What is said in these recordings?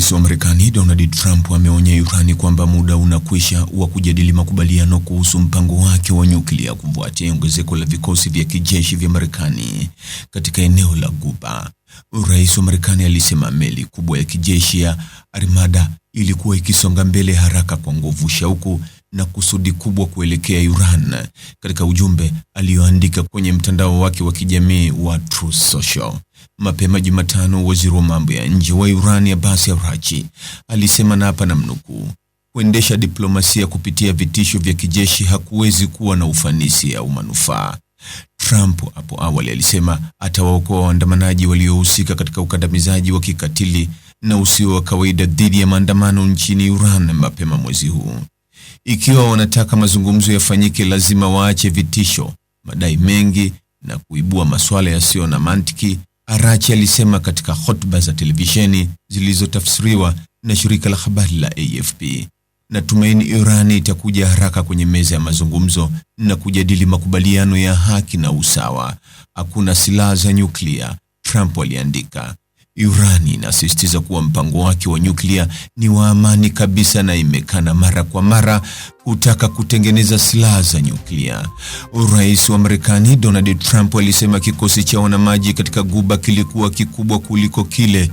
Rais wa Marekani Donald Trump ameonya Irani kwamba muda unakwisha wa kujadili makubaliano kuhusu mpango wake wa nyuklia kufuatia ongezeko la vikosi vya kijeshi vya Marekani katika eneo la Ghuba. Rais wa Marekani alisema meli kubwa ya kijeshi ya Armada ilikuwa ikisonga mbele haraka kwa nguvu, shauku na kusudi kubwa kuelekea Iran katika ujumbe aliyoandika kwenye mtandao wake wa kijamii wa Truth Social. Mapema Jumatano, waziri wa mambo ya nje wa Iran Abbas Araghchi alisema, na hapa namnukuu, kuendesha diplomasia kupitia vitisho vya kijeshi hakuwezi kuwa na ufanisi au manufaa. Trump hapo awali alisema atawaokoa waandamanaji waliohusika katika ukandamizaji wa kikatili na usio wa kawaida dhidi ya maandamano nchini Iran mapema mwezi huu. Ikiwa wanataka mazungumzo yafanyike, lazima waache vitisho, madai mengi na kuibua masuala yasiyo na mantiki, Arachi alisema katika hotuba za televisheni zilizotafsiriwa na shirika la habari la AFP. Natumaini Irani itakuja haraka kwenye meza ya mazungumzo na kujadili makubaliano ya haki na usawa. Hakuna silaha za nyuklia, Trump aliandika. Irani inasisitiza kuwa mpango wake wa nyuklia ni wa amani kabisa na imekana mara kwa mara kutaka kutengeneza silaha za nyuklia. Rais wa Marekani Donald Trump alisema kikosi cha wanamaji katika Guba kilikuwa kikubwa kuliko kile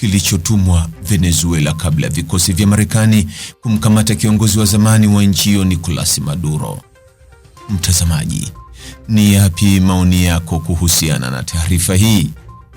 kilichotumwa Venezuela kabla ya vikosi vya Marekani kumkamata kiongozi wa zamani wa nchi hiyo Nicolas Maduro. Mtazamaji, ni yapi maoni yako kuhusiana na taarifa hii?